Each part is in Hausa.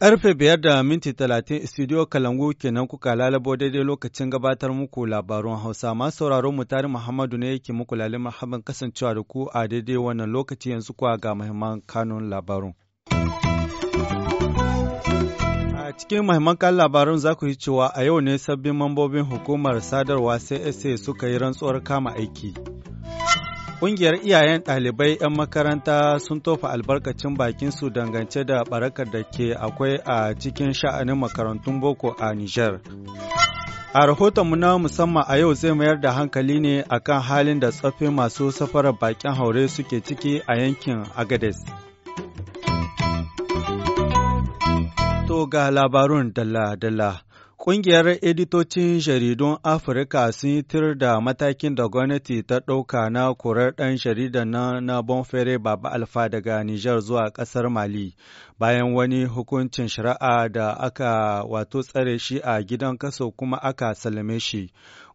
Karfe biyar da minti talatin studio Kalangu kenan kuka lalabo daidai lokacin gabatar muku labarun Hausa. Masu sauraron mu tare Muhammadu ne yake muku lalima haɓin kasancewa da ku a daidai wannan lokaci yanzu kuwa ga muhimman kanun labarun. cikin mahimman labarun za ku yi cewa a yau ne sabbin mambobin hukumar sadarwa CSA suka yi rantsuwar kama aiki. Ƙungiyar iyayen ɗalibai 'yan makaranta sun tofa albarkacin bakinsu dangance da barakar da ke akwai a cikin sha'anin makarantun boko a Nijar. A rahotonmu na musamman a yau zai mayar da hankali ne akan halin da tsoffin masu safarar bakin haure suke ciki a yankin Agades. To ga labarun dalla-dalla. Ƙungiyar editocin jaridun Afirka sun tir da matakin da gwamnati ta ɗauka na kurar ɗan jaridan na, na Bonfere Baba Alfa daga Nijar zuwa ƙasar Mali, bayan wani hukuncin shari'a da aka wato tsare shi a gidan kaso kuma aka salame shi.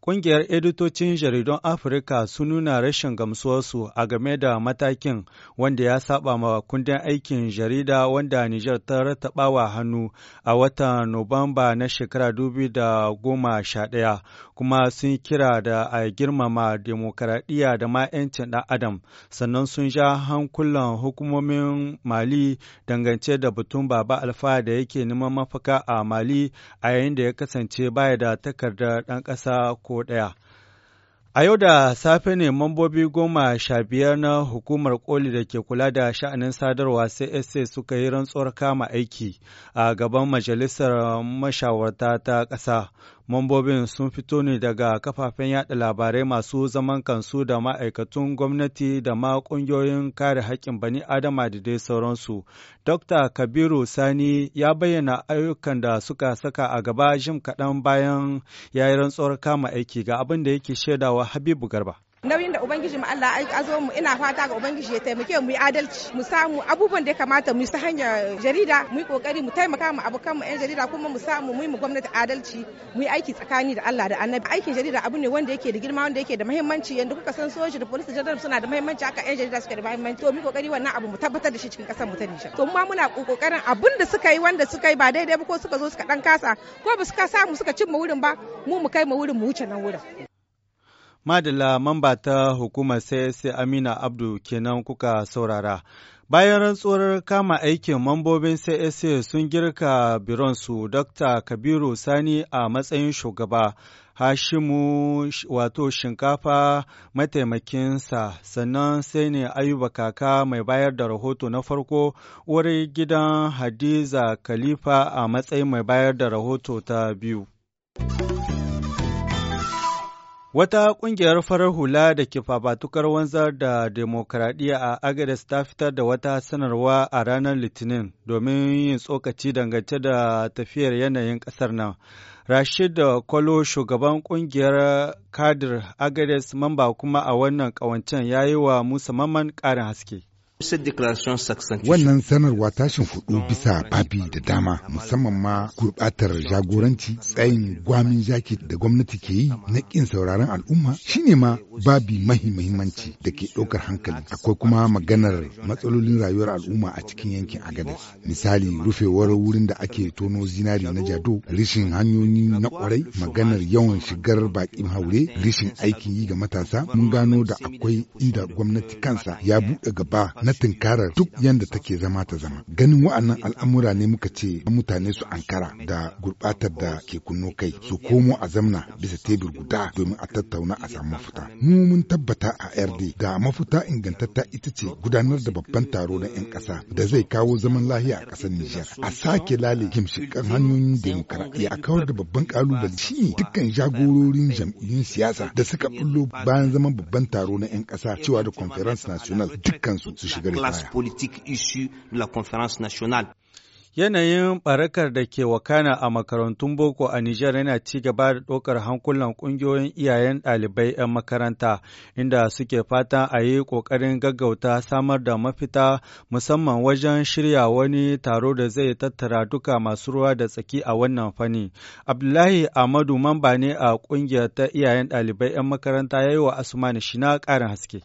Ƙungiyar editocin jaridun Afirka sun nuna rashin gamsuwarsu a game da matakin wanda ya saba ma kundin aikin jarida wanda Nijar ta ratabawa hannu a watan Nuwamba na shekara dubi da goma sha ɗaya, kuma sun kira da a girmama demokaradiyya da ma 'yancin ɗan adam, sannan sun ja hankulan hukumomin Mali dangance da batun Baba Alfa da yake neman mafaka a Mali a yayin da ya kasance baya da takardar ɗan ƙasa ko farko ɗaya. A yau da safe ne mambobi goma sha biyar na hukumar koli da ke kula da sha'anin sadarwa sai CSA suka yi rantsuwar kama aiki a gaban majalisar mashawarta ta ƙasa Mambobin sun fito ne daga kafafen yada labarai masu zaman kansu da ma'aikatun gwamnati da ma ƙungiyoyin kare haƙƙin bani Adama da dai sauransu. Dr. Kabiru Sani ya bayyana ayyukan da suka saka a gaba jim kaɗan bayan ya yi rantsuwar kama aiki ga abin da yake shaidawa Habibu Garba. nauyin da ubangiji mu Allah ya mu ina fata ga ubangiji ya taimake mu yi adalci mu samu abubuwan da ya kamata mu yi ta hanyar jarida mu yi kokari mu taimaka mu abokan mu yan jarida kuma mu samu mu yi mu gwamnati adalci mu yi aiki tsakani da Allah da Annabi aikin jarida abu ne wanda yake da girma wanda yake da muhimmanci yanda kuka san soji da police general suna da muhimmanci haka yan jarida suke da muhimmanci to mu yi kokari wannan abu mu tabbatar da shi cikin kasar mu ta Nijar to mu ma muna kokarin abun da suka yi wanda suka yi ba daidai ba ko suka zo suka dan kasa ko ba suka samu suka cimma wurin ba mu mu kai mu wurin mu wuce nan wurin Madala mamba ta hukumar sai Amina Abdu kenan kuka saurara. Bayan rantsuwar kama aikin mambobin CSA sun girka bironsu Dr. Kabiru Sani a matsayin shugaba, Hashimu wato shinkafa mataimakinsa, sannan sai ne Ayuba Kaka mai bayar da rahoto na farko, wuri gidan Hadiza Khalifa a matsayin mai bayar da rahoto ta biyu. Wata ƙungiyar farar hula da ke fafatukar wanzar da demokaradiyya a agades ta fitar da wata sanarwa a ranar Litinin domin yin tsokaci dangance da tafiyar yanayin ƙasar nan. Rashid Kwalo shugaban ƙungiyar Kadir agades mamba kuma a wannan ƙawancen ya yi wa Musa Maman ƙarin haske. Wannan sanarwa tashin shimfiɗu bisa babi da dama musamman ma gurɓatar jagoranci tsayin gwamin jaki da gwamnati ke yi na ƙin sauraron al'umma shine ma babi mahi muhimmanci da ke ɗaukar hankali. Akwai kuma maganar matsalolin rayuwar al'umma a cikin yankin Agadez. Misali rufewar wurin da ake tono zinari na jado, rishin hanyoyi na kwarai maganar yawan shigar baƙin haure, rishin aikin yi ga matasa. Mun gano da akwai inda gwamnati kansa ya buɗe gaba na tinkarar duk yadda take zama ta zama. Ganin wa'annan al'amura ne muka ce mutane su ankara da gurbatar da ke kunno kai su komo a zamna bisa tebur guda domin a tattauna a samu mafita. Mu mun tabbata a RD da mafita ingantatta ita ce gudanar da babban taro na 'yan ƙasa da zai kawo zaman lahiya a ƙasar Nijar. A sake lale himshikan hanyoyin demokaradiyya a kawar da babban kalubale shi dukkan jagororin jam'iyyun siyasa da suka bullo bayan zaman babban taro na 'yan ƙasa cewa da conference national dukkansu su shiga class politique issue de la conférence nationale. Yanayin barakar da ke wakana a makarantun boko a Nijar yana ci gaba da ɗaukar hankulan ƙungiyoyin iyayen ɗalibai 'yan makaranta, inda suke fata a yi ƙoƙarin gaggauta samar da mafita musamman wajen shirya wani taro da zai tattara duka masu ruwa da tsaki a wannan fani. Abdullahi Ahmadu mamba ne a ƙungiyar ta iyayen ɗalibai 'yan makaranta ya yi wa shi Shina ƙarin haske.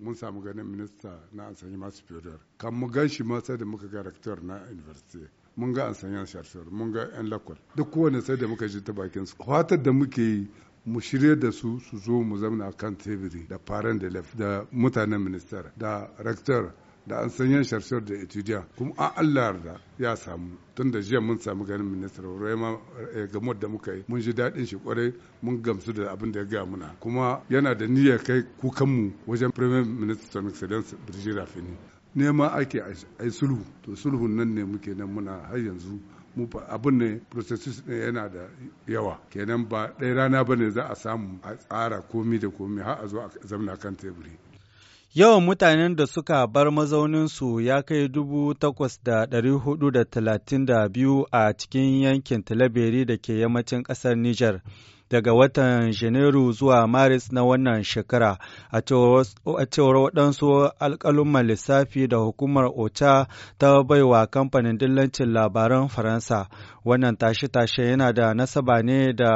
mun samu ganin minista na masu superior kan mu gan shi masa da muka ga rektor na university mun ga enseignement chercheur mun ga yan lakwal duk kowane sai da muka ji ta bakin su fatar da muke yi mu shirya da su su zo mu zamna kan tebiri da faran da da mutanen minista da rektor da an san yan sharshar da etudiya kuma a Allah yarda ya samu tun da jiya mun samu ganin ministar ma eh, gamo da muka yi mun ji daɗin shi kwarai mun gamsu da abin da ya gaya muna kuma yana da niyyar kai kukanmu wajen premier minister son excellence Brigitte Raffini nema ake a yi sulhu to sulhun nan ne muke nan muna har yanzu mu abin ne processus ne yana da yawa kenan ba ɗaya rana ba ne za a samu a tsara komi da komi har a zo a zamna kan teburi Yawan mutanen da suka bar mazauninsu ya kai dubu takwas da ɗari hudu da talatin da biyu a cikin yankin Talabiri da ke yammacin ƙasar Nijar. daga watan Janairu zuwa Maris na wannan shekara. A cewar waɗansu alƙaluman lissafi da hukumar ota ta baiwa kamfanin dillancin labaran Faransa. Wannan tashe-tashe yana da nasaba ne da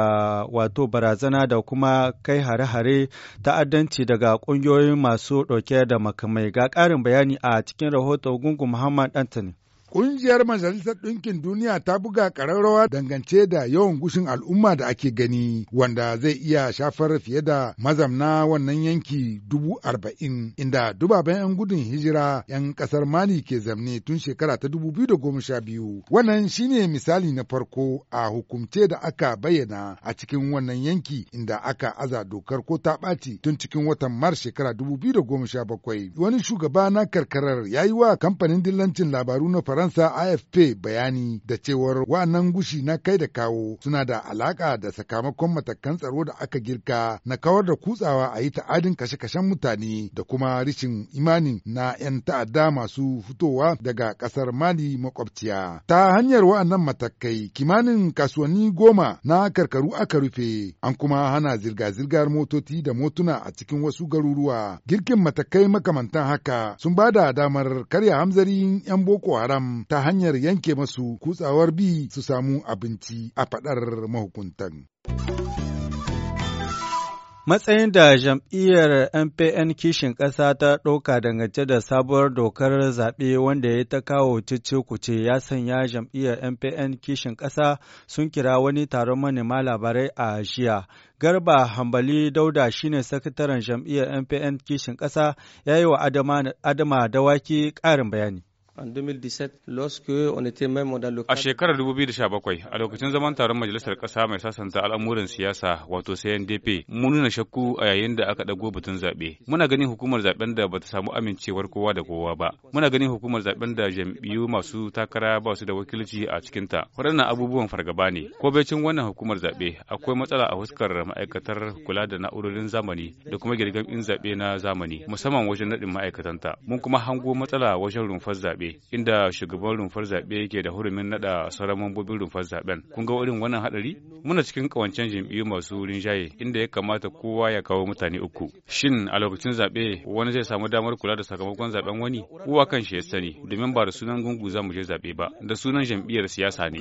wato barazana da kuma kai hare-hare ta'addanci daga ƙungiyoyin masu ɗauke da makamai. Ga ƙarin bayani a cikin rahoton Gungun Muhammad Anthony. Ƙungiyar Majalisar Ɗinkin Duniya ta buga ƙararrawa dangance da yawan gushin al'umma da ake gani wanda zai iya shafar fiye da mazamna wannan yanki dubu arba'in inda dubaban 'yan gudun hijira 'yan ƙasar Mali ke zamne tun shekara ta dubu biyu da goma sha biyu. Wannan shine misali na farko a hukumce da aka bayyana a cikin wannan yanki inda aka aza dokar ko ta ɓaci tun cikin watan Mars shekara dubu biyu da goma sha bakwai. Wani shugaba na karkarar ya yi wa kamfanin dillancin labaru na Faransa Faransa AFP bayani da cewar wannan gushi na kai da kawo suna da alaƙa da sakamakon matakan tsaro da aka girka na kawar da kutsawa a yi ta'adin kashe-kashen mutane da kuma rishin imanin na 'yan ta'adda masu fitowa daga ƙasar Mali makwabciya. Ta hanyar wa'annan matakai kimanin kasuwanni goma na karkaru aka rufe an kuma hana zirga-zirgar motoci da motuna a cikin wasu garuruwa. Girkin matakai makamantan haka sun ba da damar karya hamzarin 'yan Boko Haram ta hanyar yanke masu kutsawar bi su samu abinci a faɗar mahukuntan. Matsayin da jam'iyyar MPN kishin ƙasa ta ɗauka dangance da sabuwar dokar zaɓe wanda ya ta kawo cice kuce ya sanya jam'iyyar MPN kishin ƙasa sun kira wani taron manema labarai a jiya. Garba Hambali Dauda shine sakataren jam'iyyar MPN kishin ƙasa ya yi wa Adama Dawaki ƙarin bayani. A shekarar 2017 a lokacin zaman taron majalisar ƙasa mai sasanta al'amuran siyasa wato CNDP mun nuna shakku a yayin da aka ɗago batun zaɓe. Muna ganin hukumar zaɓen da bata samu amincewar kowa da kowa ba. Muna ganin hukumar zaɓen da jam'iyyu masu takara ba su da wakilci a cikinta. Waɗannan abubuwan fargaba ne. Ko cin wannan hukumar zaɓe akwai matsala a fuskar ma'aikatar kula da na'urorin zamani da kuma girgamin zaɓe na zamani musamman wajen naɗin ma'aikatanta. Mun kuma hango matsala wajen rumfar zaɓe. zaɓe inda shugaban rumfar zaɓe yake da hurumin naɗa sauran mambobin rumfar zaɓen kun ga irin wannan haɗari muna cikin kawancen jam'iyyu masu wurin rinjaye inda ya kamata kowa ya kawo mutane uku shin a lokacin zaɓe wani zai samu damar kula da sakamakon zaɓen wani kowa kan shi ya sani domin ba da sunan gungu za mu je zaɓe ba da sunan jam'iyyar siyasa ne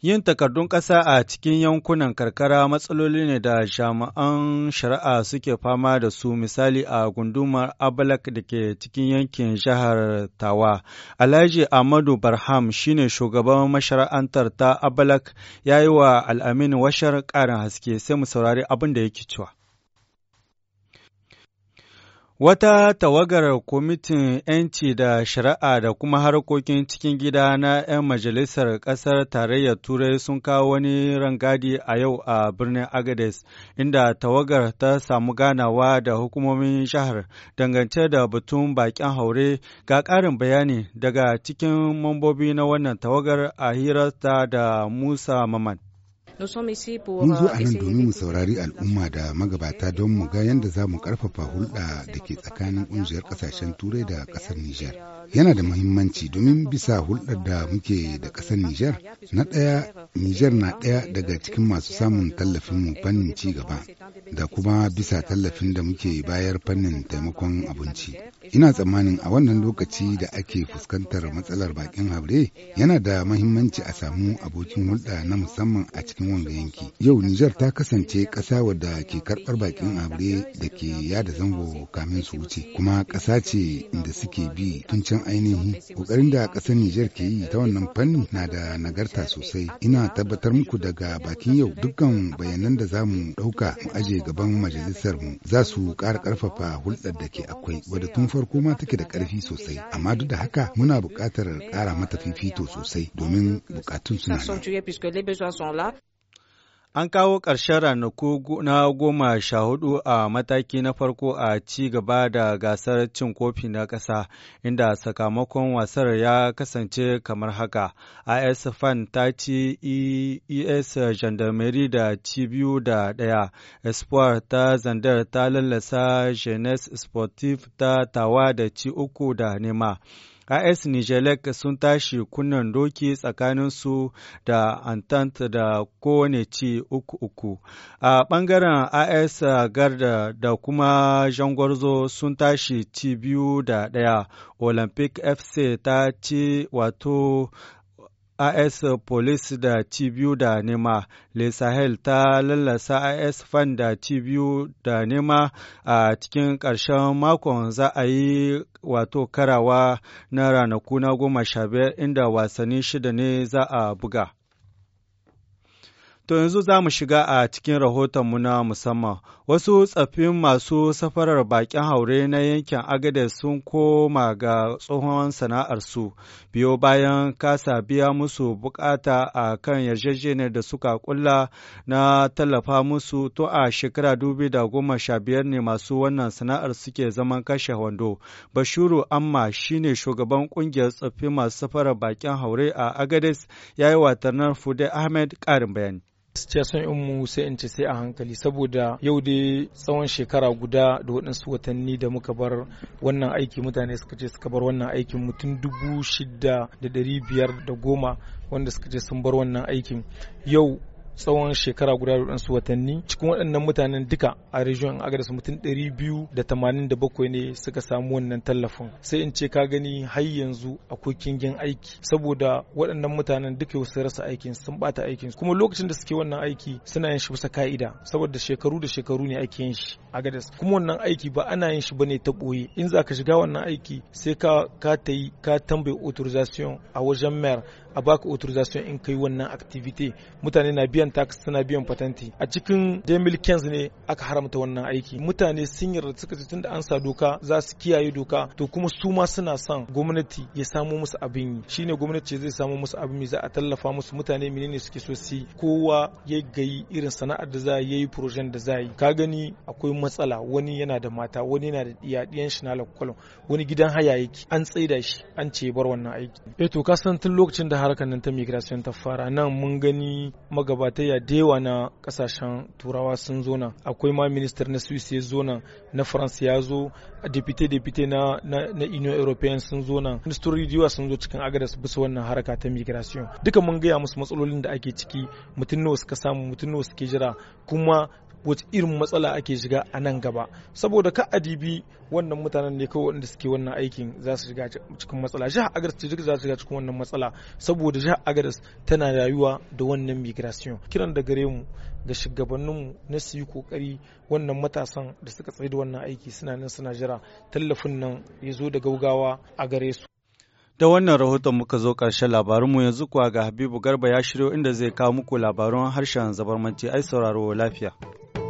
Yin takardun ƙasa a cikin yankunan karkara matsaloli ne da jami'an shari'a suke fama da su misali a gundumar Abalak da ke cikin yankin jihar Tawa. Alhaji Ahmadu Barham shine shugaban mashara'antar ta Abalak ya yi wa al'amin washar ƙarin haske sai mu saurari abin da yake cewa. Wata tawagar kwamitin 'yanci da shari'a da kuma harkokin cikin gida na 'yan majalisar ƙasar tarayyar Turai sun kawo wani rangadi a yau a birnin Agades, inda tawagar ta samu ganawa da hukumomin shahar dangance da batun bakin haure ga ƙarin bayani daga cikin mambobi na wannan tawagar a hirarta da Musa Maman. Mun zo a nan domin mu saurari al'umma da magabata don mu ga yadda za mu karfafa hulɗa da ke tsakanin ƙungiyar ƙasashen Turai da ƙasar Nijar. Yana da muhimmanci domin bisa hulɗar da muke da ƙasar Nijar na ɗaya Nijar na ɗaya daga cikin masu samun tallafin fannin ci gaba da kuma bisa tallafin da muke bayar fannin taimakon abinci. Ina tsammanin a wannan lokaci da ake fuskantar matsalar bakin haure yana da mahimmanci a samu abokin hulɗa na musamman a cikin wanga yanki. Yau Nijar ta kasance ƙasa wadda ke karɓar bakin haure da ke yada zango kamin su wuce kuma ƙasa ce inda suke bi tun can ainihi. Ƙoƙarin da ƙasar Nijar ke yi ta wannan fanni na da nagarta sosai. Ina tabbatar muku daga bakin yau dukkan bayanan da za mu ɗauka mu aje gaban majalisar mu za su ƙara ƙarfafa hulɗar da ke akwai wadda tun farko ma take da ƙarfi sosai amma duk da haka muna buƙatar ƙara mata fifito sosai domin buƙatun suna An kawo ƙarshen ranaku na goma sha hudu a mataki na farko a ci gaba da gasar cin kofi na ƙasa, inda sakamakon wasar ya kasance kamar haka. AS Fan ta ci ES e Gendarmerie da ci biyu da ɗaya, Espoir ta Zandar ta lalasa Jeunesse sportif ta tawa da ci uku da nema. AS Nijelek sun tashi kunnan doki tsakaninsu da Entente da kowane ci uku uku. A ɓangaren AS Garda da kuma Jangwarzo sun tashi ci biyu da ɗaya. Olympic FC ta ci wato IS Police da ci da nema, Le Sahel ta lallasa IS Fan da ci da nema a cikin ƙarshen makon za a yi wato karawa na ranaku na goma sha biyar inda wasanni shida ne za a buga. To yanzu za mu shiga a cikin rahotonmu na musamman. Wasu tsaffin masu safarar bakin haure na yankin Agade sun koma ga tsohon sana'arsu biyo bayan kasa biya musu bukata a kan yarjejeniyar da suka kulla na tallafa musu to a shekara dubi da goma sha biyar ne masu wannan sana'ar suke zaman kashe wando. Bashiru Amma shine shugaban kungiyar tsaffin masu safarar bakin haure a Agades ya yi watannar Fude Ahmed ƙarin bayani. gaskiya son in mu sai in ce sai a hankali saboda yau dai tsawon shekara guda da waɗansu watanni da muka bar wannan aiki mutane suka ce suka bar wannan aikin mutum dubu shida da ɗari biyar da goma wanda suka ce sun bar wannan aikin yau tsawon shekara guda da su watanni cikin waɗannan mutanen duka a region agadas mutum ɗari biyu da da tamanin bakwai ne suka samu wannan tallafin sai in ce ka gani har yanzu akwai kingin aiki saboda waɗannan mutanen duka su rasa aikin sun bata aikin kuma lokacin da suke wannan aiki suna yin shi bisa ka'ida saboda shekaru da shekaru ne ake yin shi agadas kuma wannan aiki ba ana yin shi bane ta ɓoye in za ka shiga wannan aiki sai ka ka ta yi ka tambayi authorization a wajen mayor a baka authorization in kai wannan activity mutane na biyan tax suna biyan patenti a cikin 2015 ne aka haramta wannan aiki mutane sun yarda suka ce tunda an sa doka za su kiyaye doka to kuma su ma suna son gwamnati ya samo musu abin yi shine gwamnati zai samu musu abin yi za a tallafa musu mutane menene suke so su kowa ya gayi irin sana'ar da za a yi project da za a yi ka gani akwai matsala wani yana da mata wani yana da ɗiyan shi na lakwalon wani gidan haya yake an tsaida shi an ce bar wannan aiki eh to ka san tun lokacin da harkar nan ta migration ta fara nan mun gani magabataya ya dewa na kasashen turawa sun zo nan akwai ma minister na swiss ya zo nan na france ya zo depute depute na na union european sun zo nan ministeri da sun zo cikin agadas bisa wannan harka ta migration duka mun gaya musu matsalolin da ake ciki mutum nawa suka samu mutum nawa suke jira kuma wace irin matsala ake shiga a nan gaba saboda ka adibi wannan mutanen ne kawai wanda suke wannan aikin za su shiga cikin matsala jihar agadas ta za su shiga cikin wannan matsala saboda jihar agadas tana rayuwa da wannan migration kiran da gare mu ga shugabanninmu na su yi kokari wannan matasan da suka tsaye da wannan aiki suna nan suna jira tallafin nan ya zo da gaugawa a gare su Da wannan rahoton muka zo ƙarshen labarinmu yanzu kuwa ga Habibu Garba ya shiryo inda zai kawo muku labarun harshen zabarmanci ai sauraro lafiya.